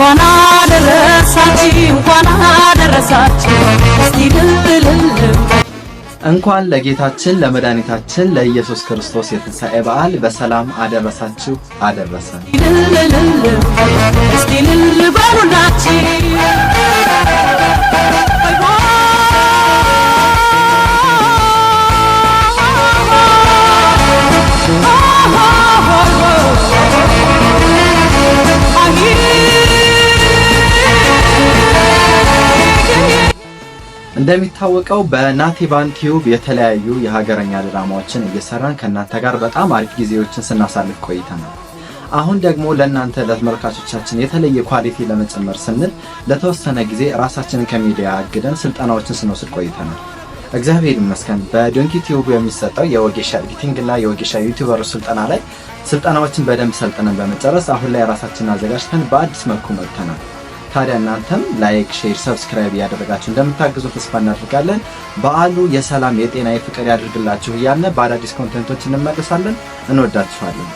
እንኳን እንኳን ለጌታችን ለመድኃኒታችን ለኢየሱስ ክርስቶስ የትንሣኤ በዓል በሰላም አደረሳችሁ አደረሰን። እንደሚታወቀው በናቲ ቲዩብ የተለያዩ የሀገረኛ ድራማዎችን እየሰራን ከእናንተ ጋር በጣም አሪፍ ጊዜዎችን ስናሳልፍ ቆይተናል። አሁን ደግሞ ለእናንተ ለተመልካቾቻችን የተለየ ኳሊቲ ለመጨመር ስንል ለተወሰነ ጊዜ ራሳችንን ከሚዲያ አግደን ስልጠናዎችን ስንወስድ ቆይተናል። እግዚአብሔር ይመስገን በዶንኪ ቲዩብ የሚሰጠው የወጌሻ ኤዲቲንግ እና የወጌሻ ዩቲዩበሮች ስልጠና ላይ ስልጠናዎችን በደንብ ሰልጥነን በመጨረስ አሁን ላይ ራሳችንን አዘጋጅተን በአዲስ መልኩ መጥተናል። ታዲያ እናንተም ላይክ፣ ሼር፣ ሰብስክራይብ እያደረጋችሁ እንደምታግዙ ተስፋ እናደርጋለን። በዓሉ የሰላም የጤና የፍቅር ያድርግላችሁ እያልን በአዳዲስ ኮንቴንቶች እንመለሳለን። እንወዳችኋለን።